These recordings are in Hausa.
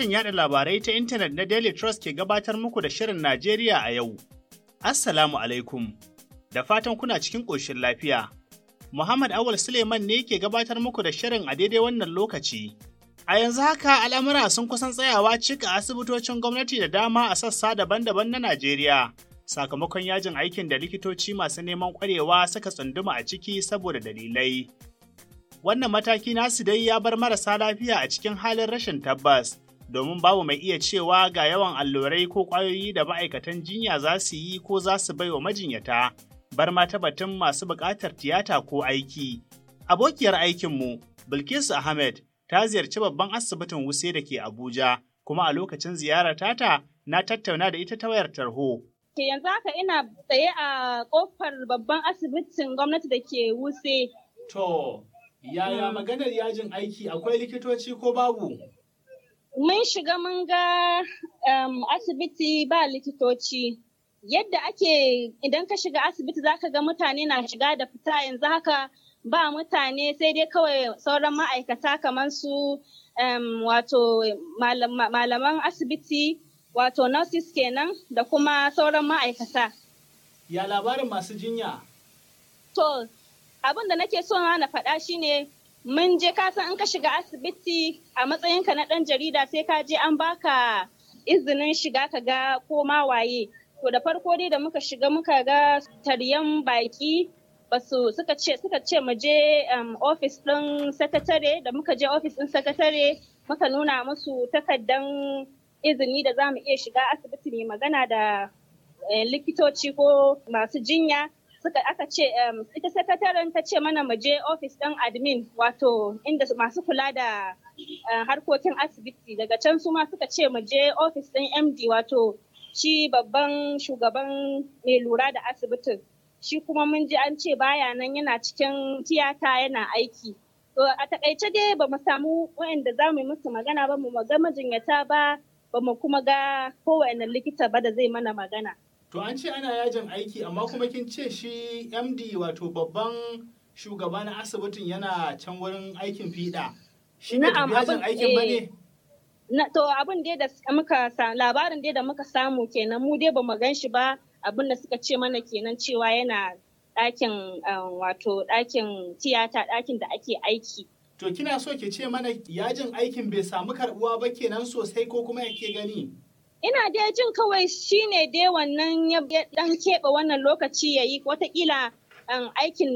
sashen yada labarai ta intanet na Daily Trust ke gabatar muku da Shirin Najeriya a yau. Assalamu alaikum, da fatan kuna cikin ƙoshin lafiya. Muhammad Awal Suleiman ne ke gabatar muku da shirin a daidai wannan lokaci. A yanzu haka al'amura sun kusan tsayawa cika asibitocin gwamnati da dama a sassa daban-daban na Najeriya. Sakamakon yajin aikin da likitoci masu neman ƙwarewa suka tsunduma a ciki saboda dalilai. wannan mataki nasu dai ya bar marasa lafiya a cikin halin rashin tabbas domin babu mai iya cewa ga yawan allurai ko kwayoyi da ma'aikatan jinya za su yi ko za su bai wa majinyata, bar ma batun masu buƙatar tiyata ko aiki. Abokiyar aikinmu, Bilkisu Ahmed, ta ziyarci babban asibitin Wuse da ke Abuja, kuma a lokacin ziyarar tata na tattauna da ita ta wayar tarho. Ke yanzu haka ina tsaye a kofar babban asibitin gwamnati da ke Wuse. To, yaya maganar yajin aiki akwai likitoci ko babu? Mun shiga mun ga asibiti ba likitoci. Yadda ake idan ka shiga asibiti za ka ga mutane na shiga da fita yanzu haka ba mutane sai dai kawai sauran ma'aikata kamar su wato malaman asibiti wato nurses kenan da kuma sauran ma'aikata. Ya labarin masu jinya? To, abin da nake so na faɗa shine mun je ka san an ka shiga asibiti a matsayinka na ɗan jarida sai ka je an baka izinin shiga ka ga ko ma waye to da farko dai da muka shiga muka ga taryan baki basu suka ce suka ce mu je um, ofis ɗin sakatare da muka je ofis ɗin sakatare muka nuna musu takardan izini da za mu iya shiga asibiti mai magana da eh, likitoci ko masu jinya suka aka ce ita sakataren ta ce mana mu je ofis ɗin admin wato inda masu kula da eh, harkokin asibiti daga can su ma suka ce mu je ofis ɗin md wato shi babban shugaban mai lura da asibitin shi kuma mun ji an ce baya nan yana cikin tiyata yana aiki to a takaice dai ba mu samu wa'anda za mu yi musu magana ba mu ga majinyata ba ba mu kuma ga kowane likita ba da zai mana magana to an ce ana yajin aiki amma kuma kin ce shi md wato babban shugaba na asibitin yana can wurin aikin fiɗa shi ne yajin aikin ba ne eh, na to abin dai da muka labarin dai da muka samu kenan mu dai bamu gan shi ba abin da suka ce mana kenan cewa yana ɗakin um, wato ɗakin tiyata ɗakin da ake aiki to kina so ki ce mana yajin aikin bai samu karbuwa ba kenan sosai ko kuma yake gani ina dai jin kawai shine dai wannan ya dan keɓe wannan lokaci ya yi watakila um, aikin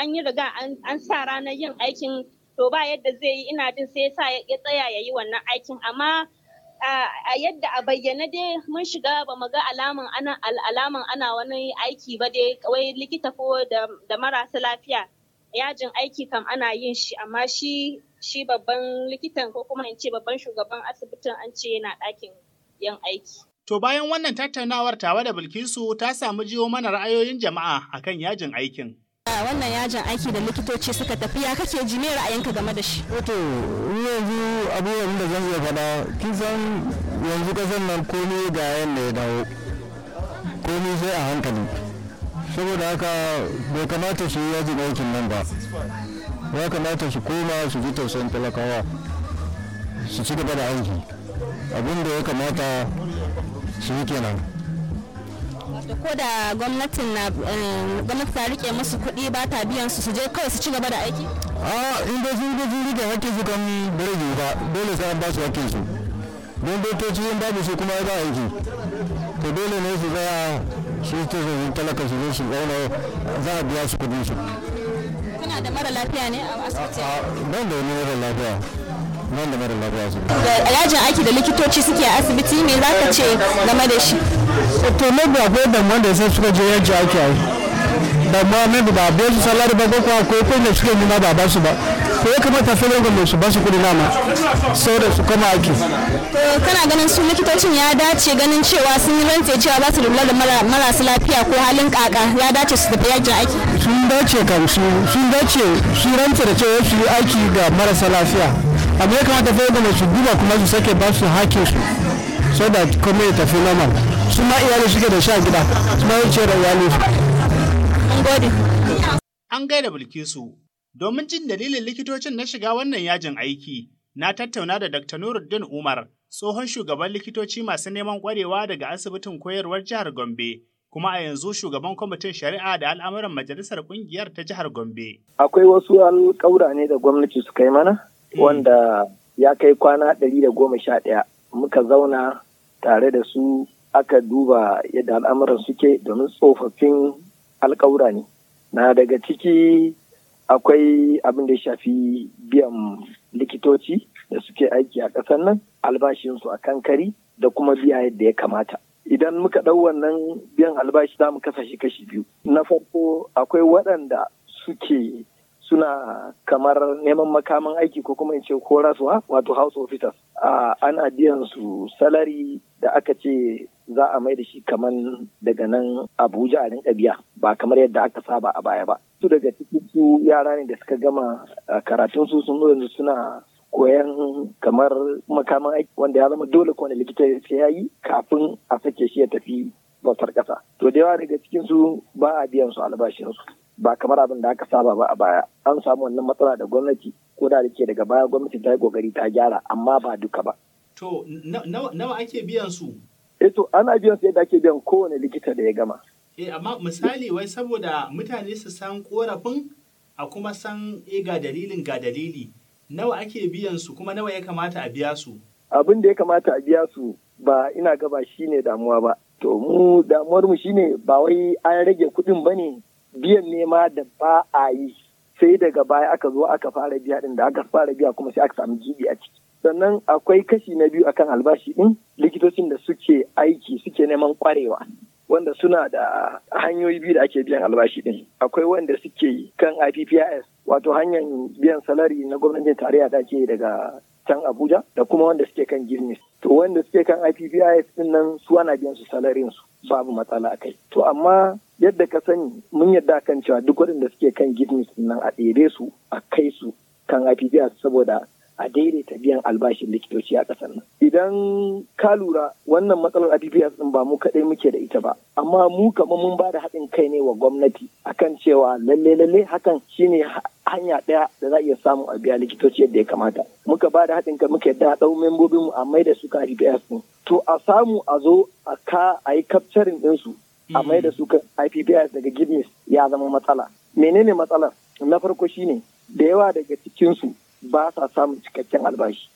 an yi riga an sa ranar yin aikin to ba yadda zai yi ina jin sai sa ya tsaya ya yi wannan aikin amma a yadda a bayyana dai mun shiga ba mu ga alaman ana alaman ana wani aiki ba dai kawai likita ko da marasa lafiya yajin aiki kam ana yin shi amma shi shi babban likitan ko kuma in ce babban shugaban asibitin an ce yana ɗakin yin aiki. To bayan wannan tattaunawar tawa da Bilkisu ta samu jiyo mana ra'ayoyin jama'a akan yajin aikin. wannan yajin aiki da likitoci suka tafi ya kake ji me ra'ayinka game da shi? Wato eh yanzu abubuwan da zan iya faɗa kin san yanzu kasan nan komai ga da ya dawo komai sai a hankali saboda haka bai kamata su yi yajin aikin nan ba ya kamata su koma su ji tausayin talakawa su ci gaba da aiki. abin da ya kamata su yi kenan ko da gwamnatin na eh, gwamnati ta rike musu kuɗi ba ta biyan su su je kawai su ci gaba da aiki a in da sun da sun rike hakkin su kan bare ba dole sai an ba su hakkin su don dokoki in babu su kuma ba aiki to dole ne su zaya su ta zai talaka su zo su zauna za a biya su kuɗin su kuna da mara lafiya ne a asibiti ban da wani mara lafiya da yajin aiki da likitoci suke a asibiti me za ka ce game da shi to ne ba ko da wanda sai suka je yaji aiki ai da ma ne ba ba su salari ba ko ko ko ko ne suke nuna ba ba su ba ko ya kamata sai ne su ba su kudi nama sau da su kama aiki to kana ganin su likitocin ya dace ganin cewa sun yi rantse cewa ba su lura da marasa lafiya ko halin kaka ya dace su tafi yajin aiki sun dace kan su sun dace su rantse da cewa su yi aiki ga marasa lafiya amma ya kamata fa yadda su duba kuma su sake ba su hakin su so da komai tafi normal su ma iyali suke da sha gida su ma wuce da iyali an gaida bilkisu domin jin dalilin likitocin na shiga wannan yajin aiki na tattauna da dr nuruddin umar tsohon shugaban likitoci masu neman kwarewa daga asibitin koyarwar jihar gombe kuma a yanzu shugaban kwamitin shari'a da al'amuran majalisar kungiyar ta jihar gombe akwai wasu alƙawura ne da gwamnati suka yi mana wanda ya kai kwana ɗari da goma sha ɗaya muka zauna tare da su aka duba yadda al'amuran suke domin tsofaffin alƙawura ne na daga ciki akwai abin da shafi biyan likitoci da suke aiki a ƙasar nan albashinsu a kankari da kuma biya yadda ya kamata idan muka ɗau wannan biyan albashi za mu kasa shi kashi biyu na farko akwai waɗanda suke suna kamar neman makaman aiki ko kuma in ce korasuwa wato house officers ana biyan su salari da aka ce za a mai da shi kamar daga nan abuja a rinka biya ba kamar yadda aka saba a baya ba su daga cikin su yara ne da suka gama karatun su sun yanzu suna koyan kamar makaman aiki wanda ya zama dole kone likita ya yi kafin a sake shi ya tafi bautar kasa to da yawa daga cikin su ba a biyan su albashin su ba kamar abin da aka saba ba a baya an samu wannan matsala da gwamnati ko da ke daga baya gwamnati ta yi kokari ta gyara amma ba duka ba. To nawa ake biyan su? Eh to ana biyan su yadda ake biyan kowane likita da ya gama. Eh amma misali wai saboda mutane su san korafin a kuma san e ga dalilin ga dalili nawa ake biyan su kuma nawa ya kamata a biya su? Abin da ya kamata a biya su ba ina gaba shine damuwa ba. To mu damuwar mu shine ba wai an rage kuɗin bane biyan nema da ba a yi sai daga baya aka zo aka fara biya din da aka fara biya kuma sai aka samu gibi a ciki sannan akwai kashi na biyu akan albashi din likitocin da suke aiki suke neman kwarewa wanda suna da hanyoyi biyu da ake biyan albashi din akwai wanda suke kan IPPIS wato hanyar biyan salari na gwamnatin tarayya da ake daga can Abuja da kuma wanda suke kan Girnis to wanda suke kan IPPIS din nan su ana biyan su salarin su babu matsala a kai. To amma yadda ka sani mun yadda kan cewa duk waɗanda suke kan gizmis nan a tsere su a kai su kan IPVR saboda a daidaita biyan albashin likitoci a ƙasar nan. Idan ka lura wannan matsalar a ɗin ba mu kaɗai muke da ita ba, amma mu kamar mun ba da haɗin kai ne wa gwamnati akan cewa lalle lalle hakan shine hanya ɗaya da za a iya samu a biya likitoci yadda ya kamata. Muka ba da haɗin kai muka yadda ɗau mu a mai da su ka APPS ɗin. To a samu a zo a ka a yi capturing ɗinsu a mai da su ka IPPS daga Guinness ya zama matsala. Menene matsalar? Na farko shine da yawa daga cikinsu ba sa samun cikakken albashi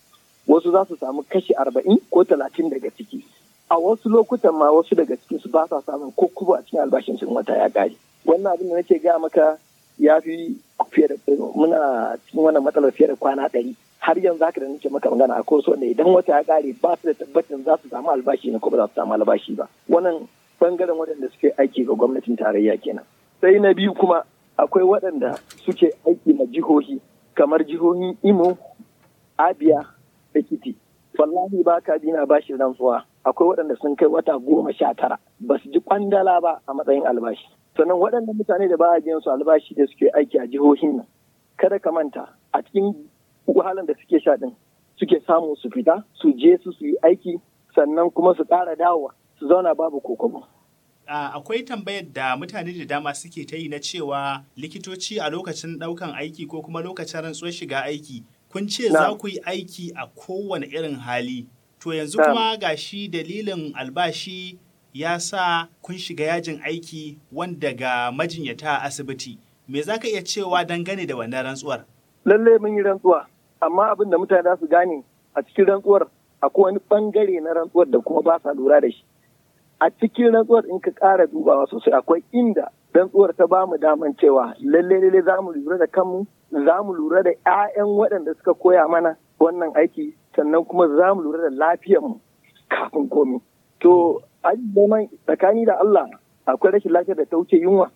wasu za su samu kashi arba'in ko talatin daga ciki a wasu lokutan ma wasu daga cikin su ba sa samun ko kuma a cikin albashin sun wata ya kare wannan abin da nake gaya maka ya fi fiye da muna cikin wannan matsalar fiye da kwana ɗari har yanzu haka da nake maka magana a koso ne idan wata ya kare ba su da tabbacin za su samu albashi ne ko ba za su samu albashi ba wannan bangaren waɗanda suke aiki ga gwamnatin tarayya kenan sai na biyu kuma akwai waɗanda suke aiki na jihohi kamar jihohin Imo, Abia da Kiti. Wallahi ba ka dina shi rantsuwa. Akwai waɗanda sun kai wata goma sha tara ba su ji ƙwandala ba a matsayin albashi. Sannan waɗanda mutane da ba a biyan su albashi da suke aiki a jihohin nan. Kada ka manta a cikin wahalan da suke sha ɗin suke samu su fita su je su su yi aiki sannan kuma su ƙara dawowa su zauna babu kokobo. akwai tambayar da mutane da dama suke ta yi na cewa likitoci a lokacin ɗaukan aiki ko kuma lokacin rantsuwar shiga aiki kun ce za ku yi aiki a kowane irin hali to yanzu kuma gashi dalilin albashi ya sa kun shiga yajin aiki wanda ga majinyata a asibiti me za ka iya cewa dangane da wannan rantsuwar lalle mun yi rantsuwa amma abin da mutane za su gane a cikin rantsuwar akwai wani bangare na rantsuwar da kuma ba sa lura da shi a cikin rantsuwar in ka ƙara dubawa sosai akwai inda rantsuwar ta ba mu daman cewa lalle lalle za mu lura da kanmu za mu lura da 'ya'yan waɗanda suka koya mana wannan aiki sannan kuma za mu lura da mu kafin komi to ajiye tsakani da Allah akwai rashin lafiyar da ta wuce yunwa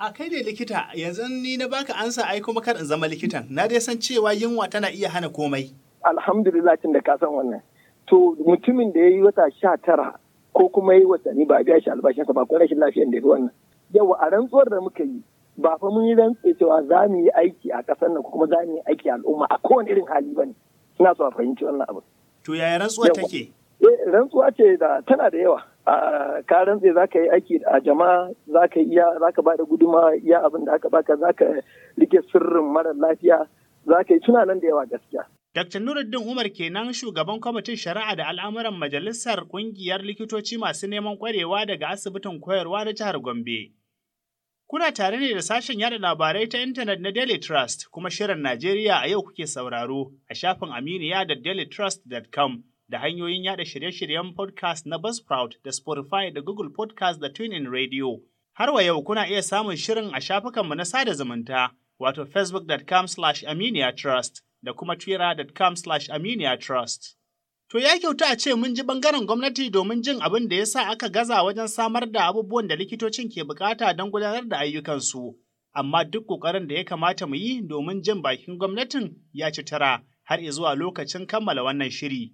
a kai ne likita yanzu ni na baka ansa ai kuma kar in zama likitan na dai san cewa yunwa tana iya hana komai alhamdulillah tun da ka san wannan to mutumin da ya yi wata sha tara ko kuma yi watanni ba a biya shi albashinsa ba ko rashin lafiyar da ya wannan yawa a rantsuwar da muka yi ba fa mun yi rantsuwa cewa za mu yi aiki a ƙasar nan ko kuma za mu yi aiki a al'umma a kowane irin hali ba ne ina so a fahimci wannan abu. to yaya rantsuwa take. Eh, rantsuwa ce da tana da yawa ka rantse za ka yi aiki a jama'a za ka iya za ka ba da guduma iya abin da aka baka za ka rike sirrin mara lafiya za ka yi tunanin da yawa gaskiya. Dr. Nuruddin Umar kenan shugaban kwamitin shari'a da al'amuran majalisar Kungiyar likitoci masu neman kwarewa daga asibitin koyarwa na jihar Gombe. Kuna tare ne da sashen yada labarai ta intanet na Daily Trust kuma shirin Najeriya a yau kuke sauraro a shafin aminiya da dailytrust.com da hanyoyin yada shirye-shiryen podcast na Buzzsprout da Spotify da Google Podcast da TuneIn Radio. Har wa yau kuna iya samun shirin a shafukanmu na sada zumunta wato facebook.com/aminiya trust. da kuma twittercom aminiatrust To ya kyauta a ce mun ji bangaren gwamnati domin jin abin da ya sa aka gaza wajen samar da abubuwan da likitocin ke bukata don gudanar da ayyukansu. Amma duk ƙoƙarin da ya kamata mu yi domin jin bakin gwamnatin ya ci tara har zuwa lokacin kammala wannan shiri.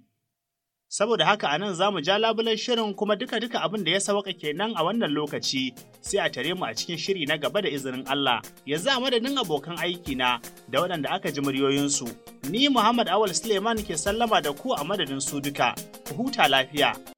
Saboda haka a nan za mu ja labulen shirin kuma duka-duka abin da ya sauka kenan a wannan lokaci sai a tare mu a cikin shiri na gaba da izinin Allah. Yanzu a madadin abokan aiki na da waɗanda aka ji muryoyinsu. Ni Muhammad Awal Suleiman ke sallama da ku a madadin su duka. Ku huta lafiya.